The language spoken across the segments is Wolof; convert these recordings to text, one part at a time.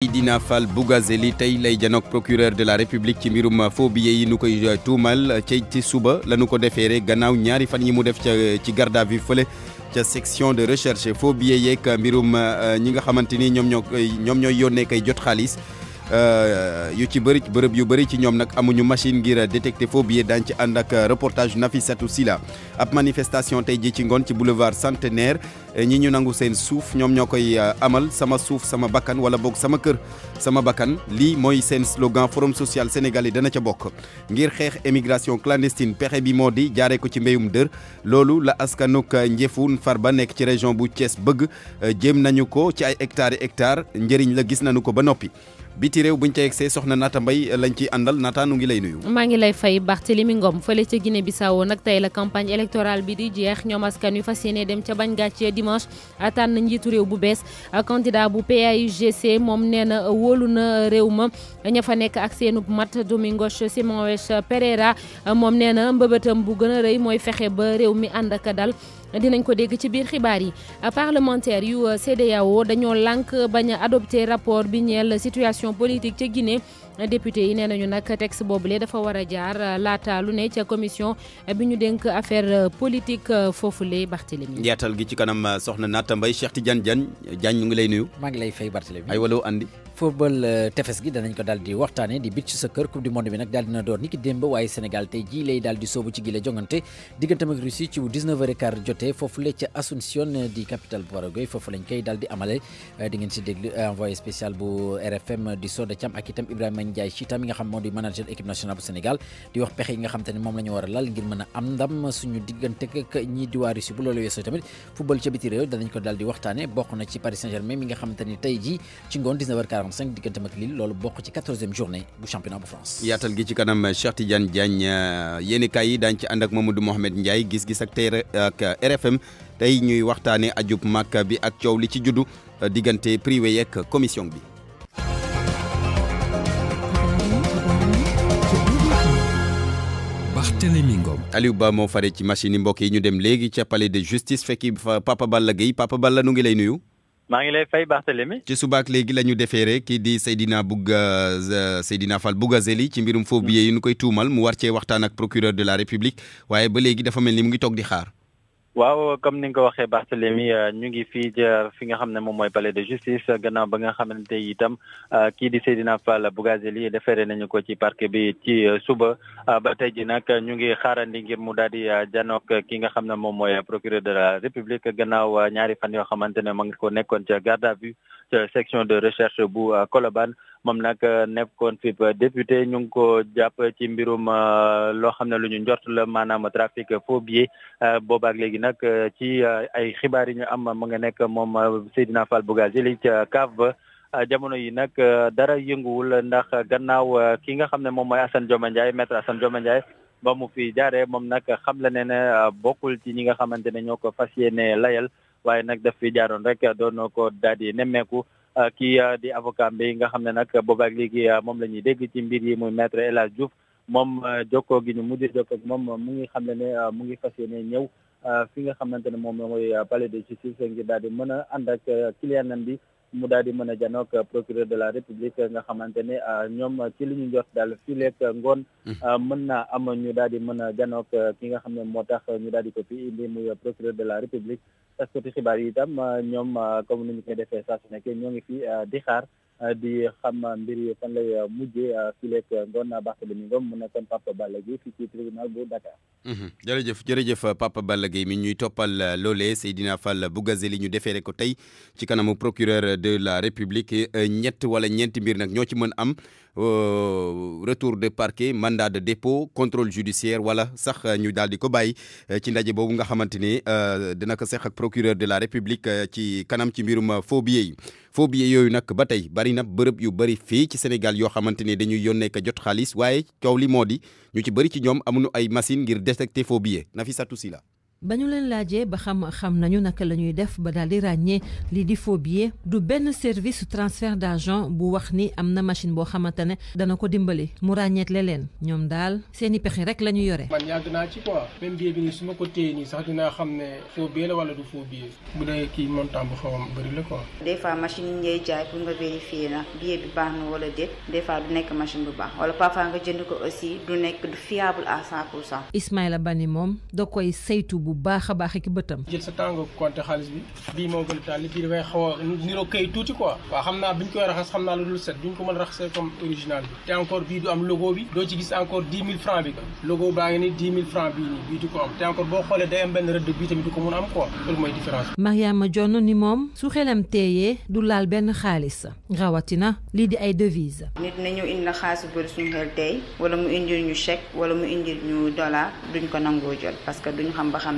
Seydina Fall Bougazelli tey lay janoog procureur de la république ci mbirum faux yi nu koy euh, tuumal euh, ci ci suba la nu ko defeere gannaaw ñaari fan yi mu def ca euh, ci garde à vue fële ca section de recherche faux billets yeeg mbirum ñi nga xamante ni ñoom ñoo ñoom ñooy yónnee kay jot xaalis Euh, yu ci ci bërëb yu bëri ci ñoom nag amuñu machine ngir détecter faux billets ci ak euh, reportage Nafisatou Sila ab manifestation tey ji ci ngoon ci boulevard Centenaire euh, ñi ñu nangu seen suuf ñoom ñoo koy amal sama souf, sama bakan, wala boog sama kër sama bakan, li, mooy seen slogan forum social sénégalais dana ca bokk ngir xeex émigration clandestine pexe bi moo di jaaree ko ci mbéyum dër loolu la askanuk njëfun Farba nekk ci région bu Thiès bëgg jéem nañu ko ci ay hectare hectare njëriñ la gis nañu ko ba noppi biti réew buñ ca yegsee soxna Naata Mbay lañ ciy àndal Naata nu ngi lay nuyu. maa ngi lay fay Barthélémy Ngom fële ca Guinée Bissau nag tey la campagne électorale bi di jeex ñoom askan wi fas yéene dem ca bañ gàccee dimanche tànn njiitu réew bu bees candidat bu PAIGC moom nee na wóolu na réew ma ña fa nekk ak seenu mat Domingos Simões Pereira moom nee na mbëbëtam bu gën a rëy mooy fexe ba réew mi ànd ak dal. dinañ ko dégg ci biir xibaar yi parlementaire yu euh, cdao dañoo lànk bañ a adopté rapport bi ñeel situation politique ca Guinée député yi nee nañu nag texte boobule dafa war a jaar euh, laata lu ne ca commission euh, bi ñu dénk affaire politique foofule Barthélémy. yaatal gi ci kanam soxna nata mbay Cheikh Tidiane Diagne Diagne ñu ngi lay nuyu. maa ngi lay fay Barthélémy ay wala andi. football euh, tefes gi danañ ko daal di waxtaanee di beach soccer coupe du monde bi nag daal dina door ni ki démb waaye Sénégal tey jii lay di soobu ci gile jongante digganteem ak Russie ci 19 h di capitale di amale euh, di xam moo di manager équipe nationale bu Sénégal di wax pexe yi nga a a am ndam suñu diggante ak ñii di waa Russie bu ci Paris Saint-Germain mi nga xam te ni tey jii ci ngoon 19 h 45 digganteem ak Lille loolu bokk ci 14e journée bu championnat de France. yaatal gi ci kanam Cheikh Tidiane Diagne euh, yéenekaay yi daañu ci and ak Mamadou Mohamed Ndiaye gis-gis ak euh, tey ak RFM tay ñuy waxtane ajub mak bi ak ciow li ci juddu euh, diggante privé yeeg commission bi. Barthélémy Ngom Aliou Ba moo fare ci machine mbok yi ñu dem légui ci palais de justice fekki Papa Balla Gueye Papa Balla nu ngi lay nuyu. maa ngi lay fay Barthélémy ci subaak léegi la ñu defeere kii di Seydina Bouga Seydina Fall Bougazeli ci mbirum faux billets yi ñu koy tuumal mu war cee waxtaan ak procureur de la République waaye ba léegi dafa mel ni mu ngi toog di xaar waaw comme ni nga ko waxee Barthélemy euh, ñu ngi fii euh, fi nga xam ne moom mooy palais de justice euh, gannaaw ba nga xamante itam kii di Seydina Fall Bougazelli defeere nañu ko ci parquet bi ci suba ba tey ji nag ñu ngi xaarandi ngir mu daal di janook ki nga xam ne moom mooy procureur de la république gannaaw ñaari fan yoo xamante ne ma ngi ko nekkoon ca garde à section de recherche bu Koloban euh, moom nag euh, nekkoon fi député ñu ko japp ci mbirum euh, lo xam lu ñu njort la maanaam trafic faux billets boobaak léegi nag ci ay xibaar ñu am mu nga nekk moom Seydina Fall Bougazelli ca CAF ba jamono yi nak dara yënguul ndax gannaaw ki nga xam mom moy Assane Dioma Ndiaye maître Assane Dioma Ndiaye ba mu fi jaaree mom nak xam la ne bokul ci ñi nga xamantene ñoko ñoo layal waaye nag daf fi jaaroon rek doon ko daal di nemmeeku uh, kii uh, di avocat bi nga xam ne nag boobaak léegi uh, moom la ñuy dégg ci mbir yi muy maître El juf moom jokkoo gi ñu mujj jokkoo moom mu ngi xam ne ne mu ngi fas yéene ñëw fi nga xamante ne moom mooy palais de justice ngir daal di mën a ànd ak clientam bi mu daal di mën a janook procureur de la république nga xamante ne ñoom ci lu ñu njot dal fi lekk ngoon mm. mën naa am ñu daal di mën a janook ki nga xam ne moo tax ñu daal di ko fi indi muy procureur de la république taskati xibaar yi itam ñoom comme ni ñu koy defee saa su ñoo ngi fi di di xam mbir yi fan lay mujjee ah, fileeg ngoon ni Ngom mu nekkoon Papa Balla Gueye fii ci tribunal bu Dakar. Mhm. jërëjëf jërëjëf Papa Balla Gueye mi ñuy toppal loolee Seydina Fall gazeli ñu déféré ko tey ci kanamu procureur de la République ñett eh, wala ñeenti mbir nag ñoo ci mën am oh, retour de parquet mandat de dépôt contrôle judiciaire wala sax ñu daal di ko bàyyi eh, ci ndaje boobu nga xamante ni eh, dina ko seq ak procureur de la République ci kanam ci mbirum faux billets yi faux billets yooyu nag ba tey bari bari na bërëb yu bari fii ci Sénégal yoo xamante ni dañuy yónnee ko jot xaalis waaye coow li moo di ñu ci bari ci ñoom am nu ay machine ngir détecter faux billets Nafissatou Sylla bañu leen laajee ba xam xam nañu naka la ñuy def ba daal di ràññee lii di faux billet du benn service transfert d'argent bu wax ni am na machine boo xamante ne dana ko dimbali mu ràññeetle leen ñoom daal seen i pexe rek la ñu yore. man yàgg naa ci quoi. même billet bi nii su ma ko téye nii sax dinaa xam ne faux billet la wala du faux billet. bu dee kii montant bu xaw a bëri la quoi. des fois machine yi ngay jaay pour nga vérifier na billet bi baax na wala déet des fois du nekk machine bu baax wala parfois nga jënd ko aussi du nekk du fiable à 100 pour cent. Ismaïla Bani moom da koy saytu. bu baax a baax ak bëtam jël sa temps nga compter xaalis bi bii moo gën taal bii dafay xaw a niroo kay tuuti quoi waaw xam naa biñ koy raxas xam naa lu dul set duñ ko mën raxasee comme original bi te encore bii du am logo bi doo ci gis encore dix mille francs bi ka logo baa ngi ni dix mille francs bii nii bii du ko am te encore boo xoolee day am benn rëdd bii tamit du ko mun am quoi loolu mooy différence Mariama Jonn ni moom su xelam teeyee du laal benn xaalis rawatina lii di ay devise nit nañu indi la xaalis bu bëri suñu xel teey wala mu indil ñu chèque wala mu indil ñu dollar duñ ko nangoo jël parce que duñ xam ba xam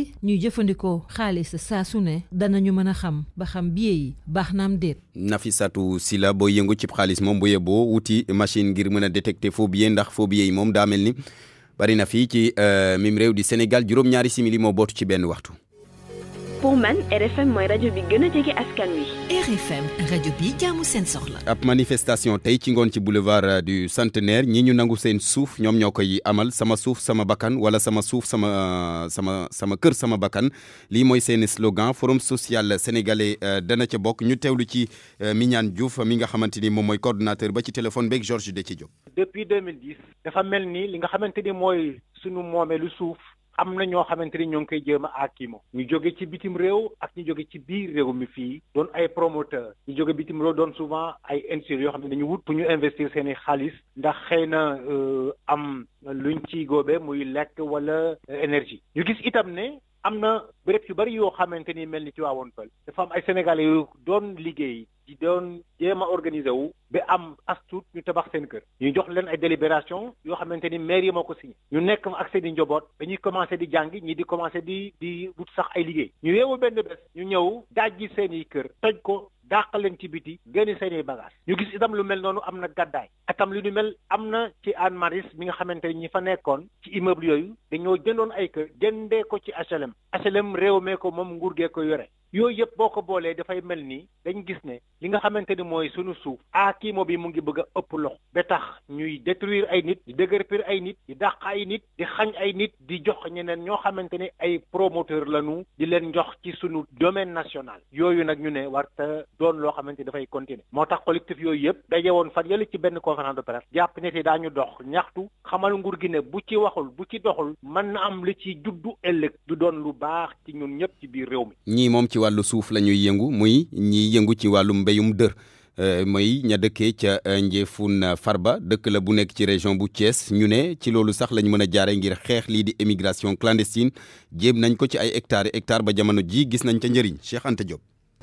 ñuy jëfandikoo xaalis saa su ne danañu mën a xam ba xam billet yi baax naam déet. Nafisatu la boo yëngu cib xaalis moom bu boo wuti machine ngir mën a détecter faux billet ndax faux billet yi moom daa mel ni bari na fii ci euh, mim réew di Sénégal juróom-ñaari simili moo bootu ci benn waxtu. pour man RFM Radio rajo bi gën a askan wi. RFM Radio bi jaamu seen soxla. ab manifestation tay ci ngone ci boulevard euh, du centenaire ñi ñu nangu seen suuf ñom ñoo amal sama souff, sama bakan, wala sama souff, sama euh, sama sama kër sama bakan. Li moy seen slogan forum social sénégalais euh, dana ci bok ñu tewlu ci Mignane Diouf mi nga xamanteni mooy ba ci téléphone beeg Georges de Diop. depuis 2010. dafa melni ni li nga xamanteni moy suñu momé lu suuf. am na ñoo xamante ni ñoo ngi koy jéem a akimo ñu jóge ci bitim réew ak ñu jóge ci biir réew mi fii doon ay promoteur ñu jóge bitim réew doon souvent ay instituts yoo xam ne dañu wut pour ñu investir seeni xaalis ndax xëy na euh, am luñ ci góobee muy lekk wala euh, énergie ñu gis itam ne am na béréb yu bari yoo xamante ni mel ni ci waawoon fël dafa am ay sénégalais yu doon liggéey di doon jéem a organisé wu ba am astut ñu tabax seen kër ñu jox leen ay délibération yoo xamante ni maire yi moo ko signé ñu nekk ak seen i njaboot dañuy commencé di jàng ñi di commencé di di wut sax ay liggéey ñu yeewu benn bés ñu ñëw daaj ji seen i kër toj ko dàq leen ci biti génn seen i ñu gis itam lu mel noonu am na gàddaay atam lu ñu mel am na ci Anne Maris nga xamante ni ñi fa nekkoon ci immeuble yooyu dañoo jëndoon ay kër jëndee ko ci HLM moom réew mee ko moom nguur gee ko yore yooyu yëpp boo ko boolee dafay mel ni dañ gis ne li nga xamante ni mooy sunu suuf aakiimo bi mu ngi bëgg a ëpp loxo ba tax ñuy détruire ay nit di déguerpir ay nit di dax ay nit di xañ ay nit di jox ñeneen ñoo xamante ne ay promoteur lañu di leen jox ci suñu domaine national yooyu nag ñu ne warta doon loo xamante ni dafay continuer moo tax collectif yooyu yëpp daje woon fan yële ci benn conférence de presse jàpp ne te daañu dox ñaxtu xamal nguur gi ne bu ci waxul bu ci doxul mën na am li ci juddu ëllëg du doon lu baax ci ñun ñëpp ci biir réew mi wàllu suuf la ñuy yëngu muy ñiy yëngu ci wàllum mbéyum dër euh, mooy ña dëkkee ca euh, Njëfun euh, Farba dëkk la bu nekk ci région bu Thiès ñu ne ci loolu sax lañu mën a jaare ngir xeex lii di émigration clandestine jéem nañ ko ci ay hectares hectares ba jamono ji gis nañ ca njëriñ Cheikh Anta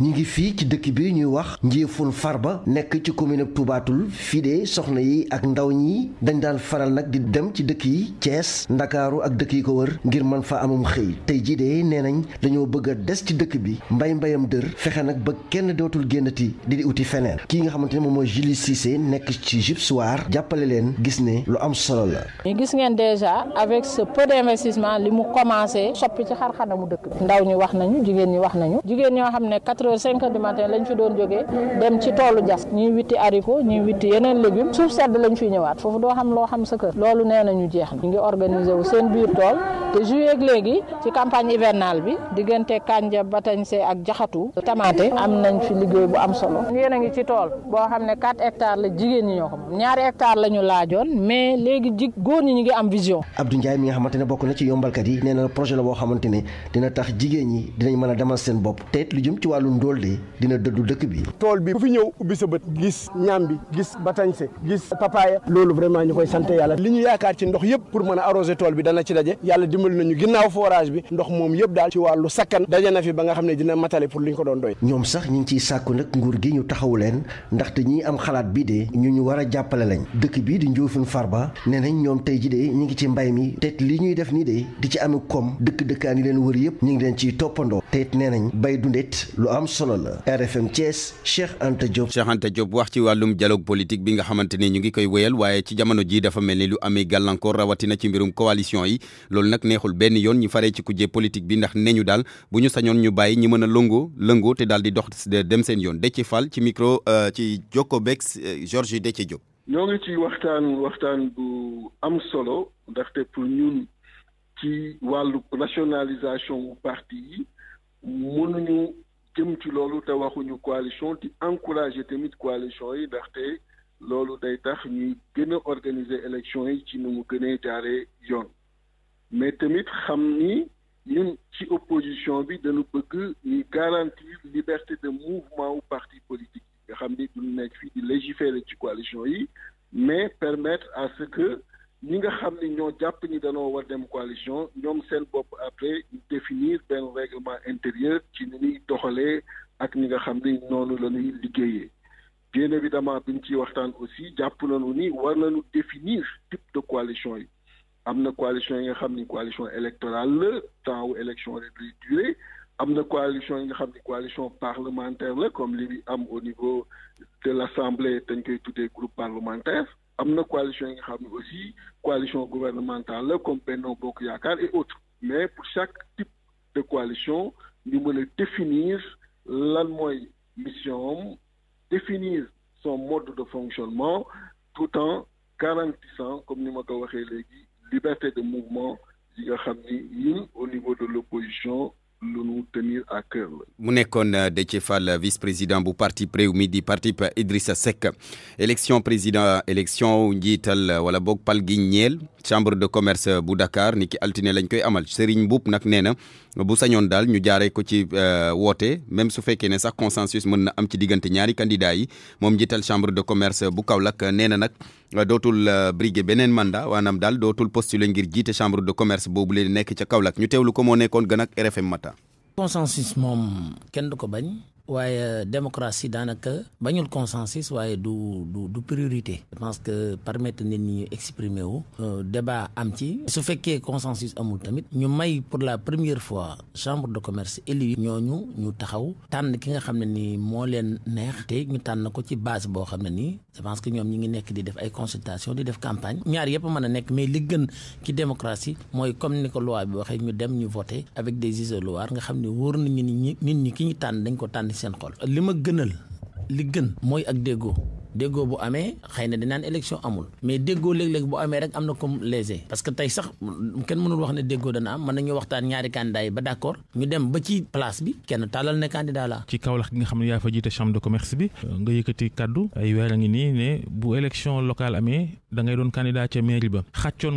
ñi ngi fii ci dëkk bi ñuy wax far Farba nekk ci commune ab Toubatoul fii de soxna yi ak ndaw ñi dañ daan faral nag di dem ci dëkk yi cees Ndakaaru ak dëkk yi ko wër ngir mën fa amum xëy tey jii de nee nañ dañoo bëgg des ci dëkk bi mbay mbayam dër fexe nag ba kenn dootul génnati di di uti feneen kii nga xamante ne moom mooy Julie Cissé nekk ci Gipsoir jàppale leen gis ne lu am solo la. ñu gis ngeen déjà avec ce peu d'investissement li mu commencé soppi ci dëkk bi ndaw wax nañu wax nañu heures cinq heures du matin lañ fi doon jógee dem ci toolu jas ñuy witti haricot ñuy witti yeneen légumes suuf sedd lañ fi ñëwaat foofu doo xam loo xam sa kër loolu nee nañu jeex ñu ngi organiser wu seen biir tool te juillet léegi ci campagne hivernale bi diggante kanja batañse ak jaxatu tamaate am nañ fi liggéey bu am solo yéen a ngi ci tool boo xam ne quatre hectares la jigéen ñi ñoo ko moom ñaari hectares la ñu laajoon mais léegi jig góor ñi ñu ngi am vision Abdou Ndiaye mi nga xamante ne bokk na ci yombalkat yi nee na projet la boo xamante ne dina tax jigéen ñi a demal seen bopp te ndool de dina dëddu dëkk bi tool bi ku fi ñëw ubbi sa bët gis ñaam bi gis batañse gis papaaya loolu vraiment ñu koy sant yàlla li ñu yaakaar ci ndox yëpp pour mën a arroser tool bi dana ci daje yàlla dimbali nañu ginnaaw forage bi ndox moom yëpp daal ci wàllu sakkan daje na fi ba nga xam ne dina matale pour li ñu ko doon doy ñoom sax ñu ngi ciy sàkku nag nguur gi ñu taxawu leen ndaxte ñi am xalaat bi de ñu ñu war a jàppale lañ dëkk bii di Ndioufine Farba nee nañ ñoom tey ji de ñu ngi ci mbay mi te li ñuy def nii de di ci amee koom dëkk dëkkaan yi leen wër yëpp ñu ngi leen ciy toppandoo te it am solo la RFM Thiès Cheikh Anta Diop. wax ci wàllum dialogue politique bi nga xamante ni ñu ngi koy wéyal waaye ci jamono ji dafa mel ni lu amee gàllankoor rawatina ci mbirum coalition yi loolu nag neexul benn yoon ñu faree ci kujje politique bi ndax ne ñu daal bu ñu sañoon ñu bàyyi ñi mën a lëngoo lëngoo te daal di dox dem seen yoon Déthié Fall ci micro euh, ci Jokkobek euh, Georges Déthié Diop. ñoo ngi ci waxtaan waxtaan bu am solo ndaxte pour ñun ci wàllu rationalisation wu jëm ci loolu te waxuñu coalition di encourager tamit coalition yi ndaxte loolu day tax ñuy gën a organiser élection yi ci nu mu gënee jaaree yoon mais tamit xam ni ñun ci opposition bi dañu bëgg ni garantir liberté de mouvement ou parti politique nga xam ni duñu nekk fii di légiférer ci coalition yi mais permettre à ce que ñi nga xam ñoo coalition après définir benn règlement intérieur ci ni ak bien évidemment biñ ci aussi type de coalition coalition coalition électorale élection réduite. coalition nga coalition parlementaire comme li au niveau de l'assemblée dañ tous groupes parlementaires am na coalition yi nga aussi coalition gouvernementale le comme Benno Bokk et autres mais pour chaque type de coalition nous voulons définir lan mission définir son mode de fonctionnement tout en garantissant comme nous l'avons ko la liberté de mouvement yi nga au niveau de l'opposition nous nu tenir à cœur euh, euh, vice-président du parti ou parti euh, Idrissa Sec. élection président élection njiital wala boog pal Palguignel, chambre de commerce Boudakar, Dakar niki altine lañ amal Serigne Boup bu sañoon daal ñu jaaree ko ci euh, woote même su fekkee ne sax consensus mën na am ci diggante ñaari candidat yi moom njiital chambre de commerce bu Kaolack nee na nag euh, dootul euh, briguer beneen mandat waanaam daal dootul postuler ngir jiite chambre de commerce boobu leen nekk ca Kaolack ñu teewlu ko moo nekkoon gën ak RFM Matin. consensus moom kenn du ko bañ. waaye euh, démocratie daanaka bañul consensus waaye du du du priorité je pense que permettre nit ñi exprimer wu euh, débat am ci su fekkee consensus amul tamit ñu may pour la première fois chambre de commerce élu ñooñu ñu taxaw tànn ki nga xam ne ni moo leen neex te ñu tànn ko ci base boo xam ne je pense que ñoom ñi ngi nekk di def ay consultation di def campagne ñaar yëpp mën a nekk mais li gën ci démocratie mooy comme ni ko loi bi waxee ñu dem ñu voter avec des isoloirs nga xam ne wóor nañu nit ñi nit ñi ki ñu tànn dañ ko tànn seen xol li ma gënal li gën mooy ak déggoo déggoo bu amee xëy na dinaan élection amul mais déggoo léeg-léeg bu amee rek am na comme léger parce que tey sax kenn mënul wax ne déggoo dana am mën nañu waxtaan ñaari candidat ba d' accord ñu dem ba ci place bi kenn tàllal ne candidat la ci Kaolack gi nga xam ne yaa fa jiite chambre de commerce bi nga yëkkati kaddu ay weer a ngi nii ne bu élection locale amee da doon candidat ca mairie ba xàccoon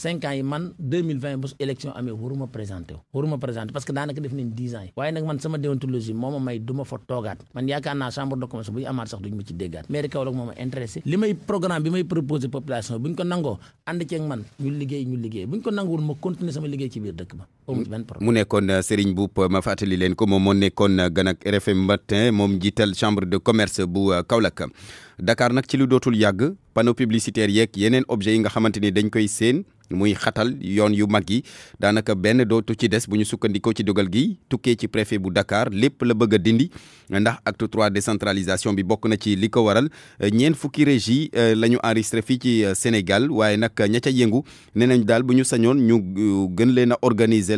cinq ans yi man deux mille vingt bu élection amee waruma présenté wu waruma présenté parce que daanaka def nañ dix ans yi waaye nag man sama déontologie moo ma may du ma fa toogaat man yaakaar naa chambre de commerce bu ñu amaat sax duñu ma ci déggaat mairie Kaolack moo ma intéressé li may programme bi may proposé population bu ñu ko nangoo ànd ceeg man ñu liggéey ñu liggéey bu ñu ko nanguwul ma continuer sama liggéey ci biir dëkk ba mu nekkoon euh, seriñ Mboup euh, ma fàttali leen ko moom moon nekkoon euh, gan ak RFM matin moom jiital chambre de commerce bu Kaolack dakaar nag ci lu dootul yàgg panneau publicitaire yeeg yeneen objets yi nga xamante ni dañ koy seen muy xatal yoon yu mag yi daanaka benn dootu ci des bu ñu sukkandikoo ci dogal gi tukkee ci préfet bu dakaar lépp la bëgg dindi ndax acte 3 décentralisation bi bokk na ci li ko waral ñeent fukki régie la ñu enregistré fii ci Sénégal waaye nag ña ca yëngu nee nañ daal bu ñu sañoon ñu gën leen a organiser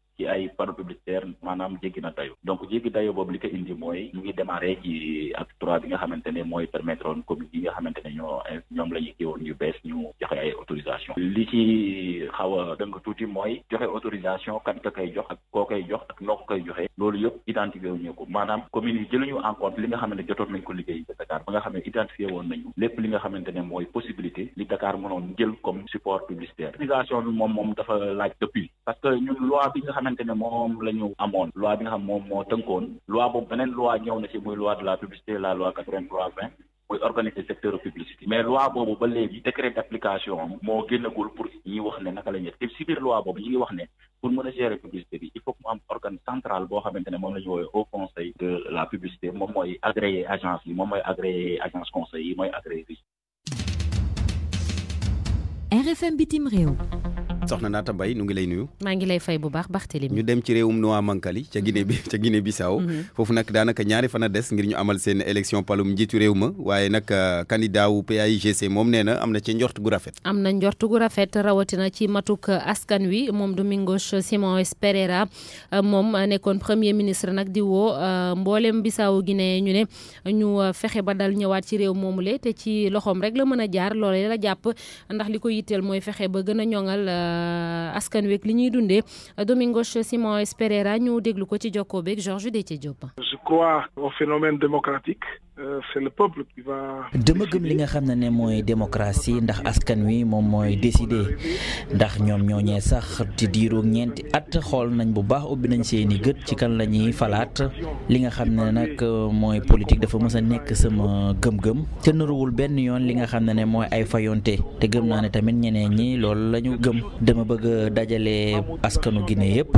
ci ay panneaux publicitaires maanaam jéggi na dayo donc jéggi dayo boobu li ko indi mooy ngi démarré ci acte trois bi nga xamante ne mooy permettre woon communes yi nga xamante ne ñoo ñoom lañu ñu woon yu bees ñu joxe ay autorisation li xaw a dënk tuuti mooy joxe autorisation kan ka jox ak koo koy jox ak koy joxe loolu yëpp identifié wuñu ko maanaam communes yi jëluñu en compte li nga xamante ne jotoon nañ ko liggéey ci Dakar ba nga xam ne identifié woon nañu lépp li nga xamante ne mooy possibilité li Dakar mënoon jël comme support publicitaire autorisation bi moom moom dafa laaj depuis parce que ñun loi bi nga xamante xamante ne moom la ñu amoon loi bi nga xam moom moo tënkoon loi boobu beneen loi ñëw na ci muy loi de la publicité la loi 83 20 muy organiser secteur publicité mais loi boobu ba léegi décret d'application am moo génnagul pour ñi wax ne naka la ñuy te si biir loi boobu ñi ngi wax ne pour mën a gérer publicité bi il faut que mu am organe central boo xamante ne moom la ñu au conseil de la publicité moom mooy agréé agence yi moom mooy agréé agence conseil yi mooy agréé RFM bitim Réo. soxna Naata Mbaye ñu ngi lay nuyu. maa ngi lay fay bu baax Barthélémy. ñu dem ci réewum Nouakchott ca Guinée bi ca Guinée Bissau. Mhm. foofu nag daanaka ñaari fan a ngir ñu amal seen élection palum njiitu réew ma waaye nag euh, candidat wu PAIGC moom nee na am ci njort gu rafet. am na gu rafet rawatina ci matuk askan wi moom Simon Esperera mom euh, moom kon premier ministre nag di woo euh, mboolem Bissau Guinée ñu ne ñu fexe ba dal ñëwaat ci réew moomule te ci loxoom rek la mën jaar loolee la jàpp ndax li ko yitteel mooy ba gën a Euh, askan wi ak li ñuy dundee Domingos Simões Pereira ñu déglu ko ci jokkoo beeg Georges Détié Diop. Je crois au phénomène démocratique. Euh, c'est dama gëm li nga xam ne ne mooy démocratie ndax askan wi moom mooy décider ndax ñoom ñooñee sax di diiru ñeenti at xool nañ bu baax ubbi nañ seeni gët ci kan la ñuy falaat li nga xam ne nag mooy politique dafa mës a nekk sama gëm-gëm te nëruwul benn yoon li nga xam ne ne mooy ay fayonte te gëm naa ne tamit ñeneen ñi loolu la gëm dama bëgg dajale askanu Guinée yépp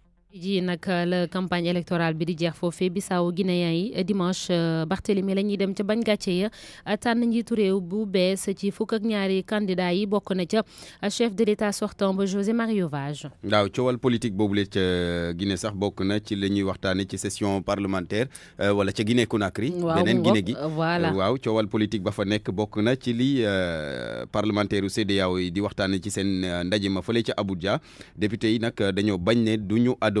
ji nak la campagne électorale bi di jeex foofee Bissau Guinéen yi dimanche euh, Barthélemy la ñuy dem ca bañ gàcce ya tan njitu rew bu bees ci fuk ak ñaari candidat yi bokk na ci chef de l'état sortant José Mario Vaz. waaw coowal politique boobule ci Guinée sax bokk na ci li ñuy ci session parlementaire euh, wala ci Guinée Conakry. benen Guinée gi voilà euh, waaw politique ba fa nek bokk na ci li parlementaire yu cdao yi di waxtaanee ci sen ndaje ma fële ca Abuja député yi nak dañoo bagn né duñu ado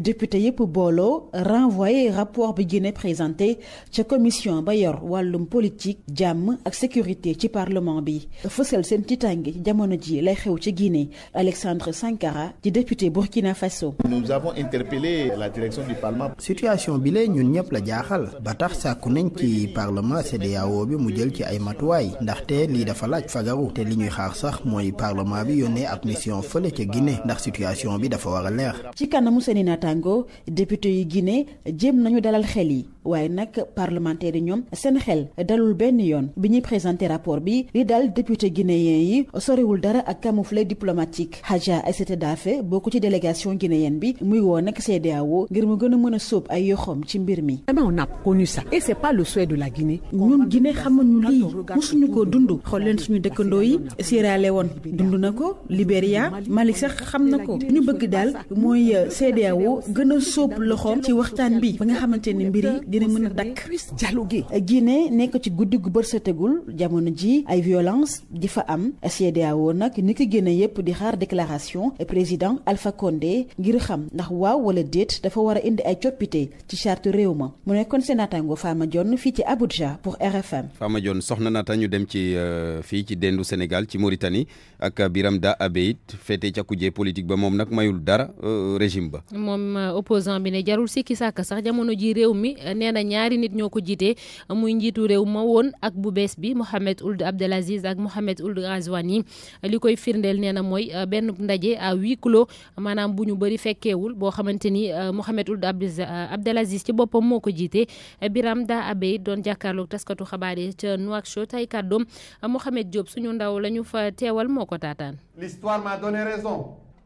député yëpp booloo renvoyé rapport bi gën présenté ca commission ba yor wàllum politique jàmm ak sécurité ci parlement bi fësal seen tiitaange ci jamono ji lay xew ci Guinée Alexandre Sankara ci député Burkina Faso. nous avons interpellé la direction du parlement. situation bi lay ñun ñëpp la jaaxal ba tax sàkku nañ ci parlement cdao bi mu jël ci ay matuwaay ndaxte lii dafa laaj fagaru te li ñuy xaar sax mooy parlement bi yónnee ab mission fële ca Guinée ndax situation bi dafa war a leer. ci kanamu seen naataango député yu Guinée jéem nañu dalal xel yi waaye nag parlementaire yi ñoom seen xel dalul benn yoon bi ñuy présenté rapport bi li dal député guinéen yi sorewul dara ak camouflet diplomatique Hadja Aïssata Daffé bokk ci délégation guinéenne bi muy woo nag CEDEAO ngir mu gën a mën a sóob ay yoxoom ci mbir mi. vraiment on n'a connu ça et c'est pas le la Guinée. ñun Guinée xamuñu lii mosuñu ko dund xool leen suñu dëkkandoo yi Sierra Leone dund na ko Libéria Mali sax xam na ko ñu bëgg daal mooy euh, CEDEAO Diallo gën a sóob loxoom ci waxtaan bi ba nga xamante ne mbir yi dina mën a dakk jàllu gi eh, Guinée nekk ci guddi gu bër bërsategul jamono ji ay violence di fa am CEDEAO nag ni ko génne yépp di xaar déclaration président Alpha Condé ngir xam ndax waaw wala déet dafa war a indi ay coppite ci charte réew ma mu nekkoon seen naataango Fama Dione fii ci Abuja pour RFM. Fama Dione soxna naata ñu dem ci euh, fii ci dendu Sénégal ci Mauritanie ak Biram Da Abeit féete ca kujje ba moom nag mayul dara euh, moom euh, opposant bi ne jarul sikki sàkk sax jamono ji réew mi euh, nee na ñaari nit ñoo ko jiitee muy njiitu réew ma ak bu bees bi Mohamed Ould Abdelaziz ak Mohamed Ould Ghazouani li koy firndeel nee na mooy euh, benn ndaje à huis maanaam bu ñu bëri fekkeewul boo xamante ni Mohamed Ould Abdelaziz ci boppam moo ko jiite Biram Da Abe doon jàkkaarloog taskatu xabaare yi ca Nouakchott ay kàddoom Mohamed Diop suñu ndaw la ñu fa teewal moo ko taataan.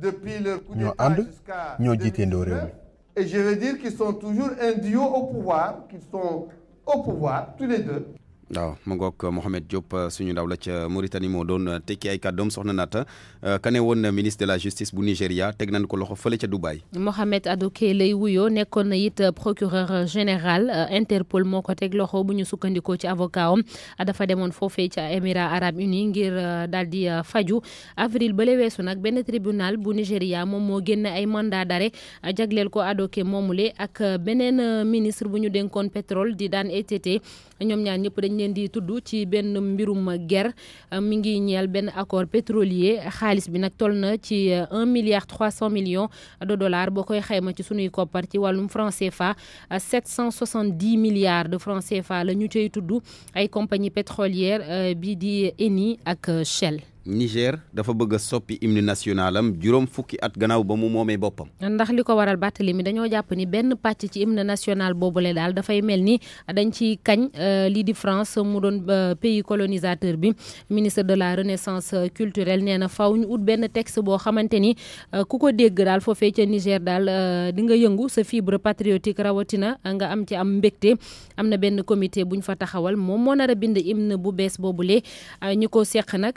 Depuis am ñoo ànd ñoo et je veux dire qu'ils sont toujours un duo au pouvoir qu'ils sont au pouvoir tous les deux waaw ma ngoog Mouhamed Diop euh, suñu ndaw la ca Mauritanie moo doon euh, tekki ay kàddoom soxna naata euh, kane woon ministre de la justice bu Nigéria teg nañ ko loxo fële ca Dubaï. Mouhamed Aduke lay wuyoo nekkoon na it procureur général Interpol moo ko teg loxo bu ñu sukkandikoo ci avocat am dafa demoon foofee ca Émirats arabes unis ngir daal di faju avril bële weesu nag benn tribunal bu Nigéria moom moo génn ay mandat d'arrêt jagleel ko Aduke moomule ak beneen ministre bu ñu dénkoon pétrole di daan leen di tudd ci benn mbirum guerre euh, mi ngi ñeel benn accord pétrolier xaalis bi nag toll na ci 1 euh, milliard 300 millions de dollars boo koy xayma ci sunuy koppar ci wàllum franc CFA 770 euh, milliards de franc CFA la ñu cay tudd ay compagnie pétrolière bi di Eni ak Shell. Niger dafa bëgg soppi hymne national am juróom fukki at gannaaw ba mu moomee boppam. ndax li ko waral bàttali mi dañoo jàpp ni benn pàcc ci hymne national boobu boobule daal dafay mel ni dañ ci kañ euh, lii di France mu doon euh, pays colonisateur bi ministre de la renaissance euh, culturel nee na faw ñu ut benn texte boo xamante ni ku ko dégg daal foofee ca Niger daal di nga yëngu sa fibre patriotique rawatina nga am ci am mbégte am na benn comité bu ñu fa taxawal moom moo nar a bind hymne bu bees boobule ñu ko seq nag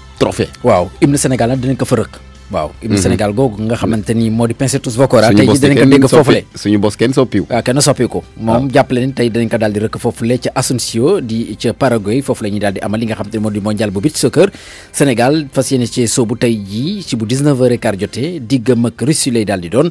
trophée waaw hymne Sénégal nag dinañ ko fa rëkk waaw hymne mhm. Sénégal googu nga xamante moo di Pincetus Vocora tey ah. tey dinañ ko daal di rëkk ca Asunción ca Paraguay foofu la ñuy daal nga xamante moo di mondial bu beach soccer Sénégal fas yéene ci soobu tey ji ci bu 19 et quart jotee diggam ak Russie lay daal doon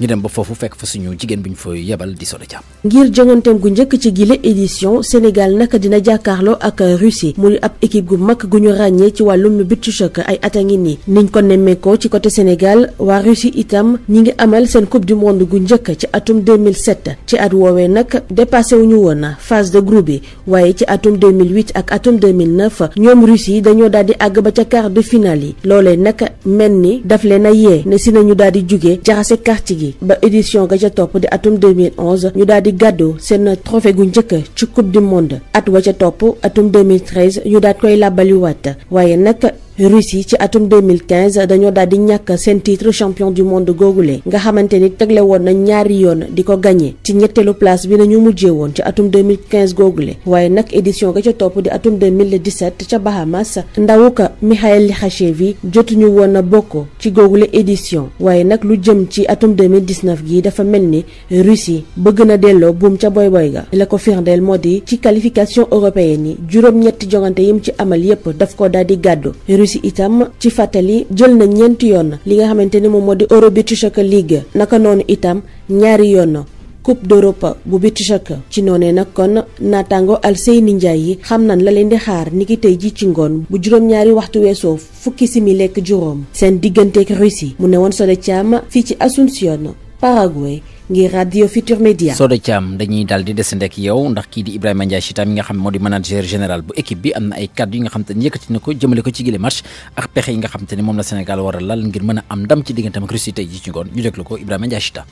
ñu dem ba foofu fekk fa suñu jigéen bi ñu fa yebal di Soda Thiam ngir jonganteem gu njëkk ci gile édition Sénégal naka dina jàkkaarloo ak Russie mu ab équipe gu mag gu ñu ràññee ci wàllum beach hockey ay at ngi nii niñ ko nemmeekoo ci côté Sénégal waa Russie itam ñi ngi amal seen coupe du gu njëkk ci atum 2007 ci at woowee nag dépassé wu ñu woon na phase de groupe bi waaye ci atum 2008 ak atum 2009 ñoom Russie yi dañoo daal di àgg ba ca quart de finale yi loolee nag mel ni daf leen a yee ne si nañu daal di jugee jaxase gi yi ba édition ga ca topp di atum 2011 ñu daal di seen trophée gu njëkk ci coupe du monde at wa ca topp atum 2013 ñu daal koy làbbaliwaat waaye nag yi ci atum 2015 dañoo daal di ñàkk seen titre champion du monde googule nga xamante ni tegle woon na ñaari yoon di ko gagné ci ñetteelu place bi nañu mujjee woon ci atum 2015 googule waaye nag édition ga ca topp di atum 2017 ca Bahamas ndawuka Mikhail Likhachev jotuñu woon na bokk ci googule édition waaye nag lu jëm ci atum 2019 gi dafa mel ni yi bëgg na delloo buum ca boy boy ga la ko firndeel moo di ci qualification européenne yi juróom-ñetti jongante yim ci amal yépp daf ko daal di gàddu Russie itam ci fàttali jël na ñeenti yoon li nga xamante ni moom moo di euro British League naka noonu itam ñaari yoon coupe d'Europe bu British ci noonee nag kon naataango Alseyni Ndiaye yi xam nan la leen di xaar niki tey ji ci ngoon bu juróom-ñaari waxtu weesoo fukki simi lekk juróom seen digganteek Russie mu ne woon Sodé Thiam fii ci Asunción Paraguay ngir radio Futur Media. Soda Thiam dañuy daal di desandi ak yow ndax kii di Ibrahima Ndiaye Chita mi nga xam moo di manager général bu équipe bi am na ay kàddu yi nga xam te ne yëkkati na ko jëmale ko ci gile match ak pexe yi nga xam te ne moom la Sénégal war a lal ngir mën a am ndam ci digganteem ak Russie tey ci ngoon ñu déglu ko Ibrahima Ndiaye Chita.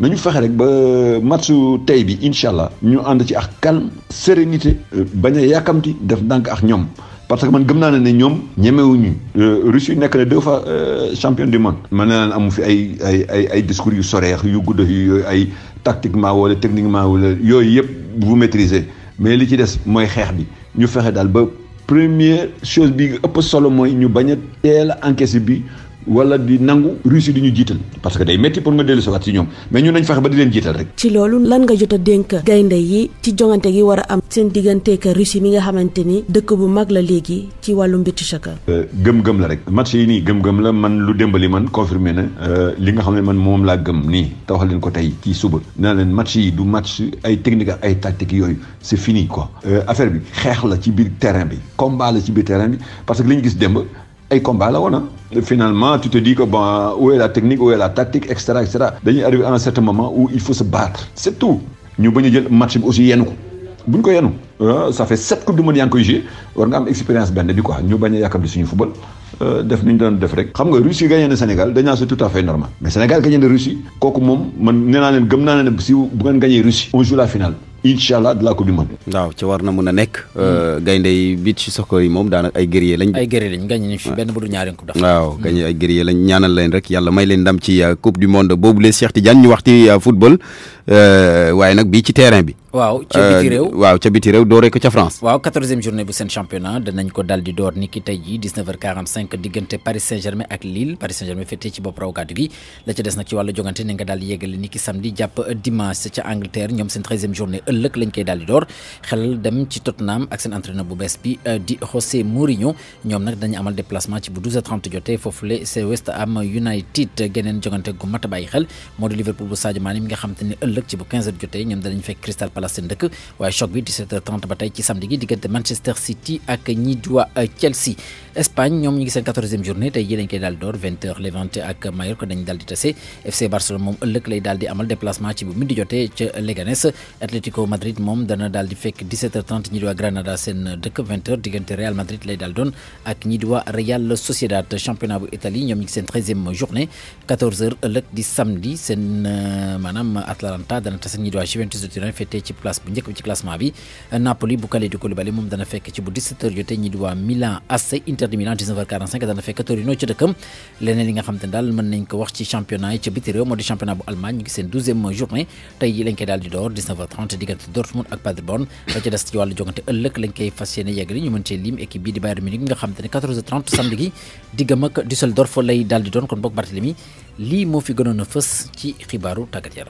nañu fexe rek ba matsu tey bi incha allah ñu ànd ci ak calme sérénité bañ yàkkamti def ndànk ak ñoom. parce que man gëm naa ne ne ñoom ñemewuñu euh, Russie nekk na deux fois euh, champion du monde man na naan amu fi ay ay ay ay discours yu soreex yu gudd yu ay tactiquement wala techniquement wala yooyu yëpp vous maîtrisez mais li ci des mooy xeex bi ñu fexe daal ba première chose bi ëpp solo mooy ñu bañ a teel a encaissé bi wala di nangu Russie di ñu jiital parce que day métti pour nga dellu siwaat si ñoom mais ñoo nañ fexe ba di leen jiital rek ci loolu lan nga jot a dénk gaynde yi ci jongante gi war a am seen digganteek Russie mi nga xamante ni dëkk bu mag la léegi ci wàllu mbittu chaka euh, gëm-gëm la rek match yi nii gëm-gëm la man lu démbali man confirmé na euh, li nga xam ne man moom laa gëm nii te wax leen ko tey ci suba naa leen match yi du match ay technique ay tactique yooyu c'est fini quoi euh, affaire bi xeex la ci biir terrain bi combat la ci biir terrain bi parce que li ñu gis démb ay combat la a ah. finalement tu te dis que bon où est la technique où est la tactique etc etc et arriver à un certain moment où il faut se battre c'est tout ñu bañu jël match bi aussi yenn nous ko yenu ah, ça fait sept coupes de monde yang ngi koy joué war nga am expérience ben bi quoi ñu baña a di suñu football ah, def niñ doon def rek xam nga Russie gagner na Sénégal dañ c'est tout à fait normal mais Sénégal gagne na Russie kooku on man nee naa si bu ngeen gagné Russie on joue la finale incha allah de la coupe du monde. waaw ci war na mën a nekk. Euh, hmm. gaynde yi bit ci soccer yi moom daanaka ay guerrier lañ. ay guerrier lañ gañ ñu fi benn bu dul ñaari coupe dafa. waaw hmm. gañ ay guerrier lañ ñaanal leen rek yàlla may leen ndam ci euh, coupe du monde boobu les Cheikh Tidiane ñu wax ci euh, football. Euh, waaye nag bii ci terrain bi. waaw ca euh, biti réew waaw ca France. waaw quatorzième journée bu seen championnat danañ ko daal di door ni ki diggante Paris Saint-Germain ak Lille Paris Saint-Germain féetee ci bopp raw gàddu gi la ca des nag ci wàllu jogante ni nga daal di yegale ni samedi jàpp dimanche ca Angleterre ñoom seen treizième journée ëllëg lañ koy daal di door xel dem ci Tottenham ak seen entraîneur bu bees bi euh, di José Mourinho ñoom nag dañu amal déplacement ëllëg ci bu 15 fekk Crystal Palace 17h30 samedi gi Manchester City ak ñi euh, Chelsea Espagne ñu 14e journée lañ koy 20h Levante ak Mallorca dañ daal di FC Barcelone moom ëllëg lay daal di amal déplacement ci bu Madrid moom dana 17h30 ñi Granada seen 20h diggante Real Madrid lay daal doon ak ñi Real Sociedad championnat bu Italie ñoom ñu ngi 13e journée 14h ëllëg di samedi seen euh, maanaam Atalanta dana tase ñi di waa ci place bu njëkk bi ci classement bi Napoli bu Kalidou Koulibaly moom dana fekk ci bu 17h jotee ñi Milan AC Inter de Milan dana fekk Torino ca dëkkam leneen li nga xam daal mën nañ ko wax ci championnat yi ca biti moo di championnat bu Allemagne ñu ngi seen 12 journée tey lañ koy daal door diggante Dortmund ak Paderborn ba ci wàllu jogante ëllëg lañ koy fas yéene yeggali ñu mën cee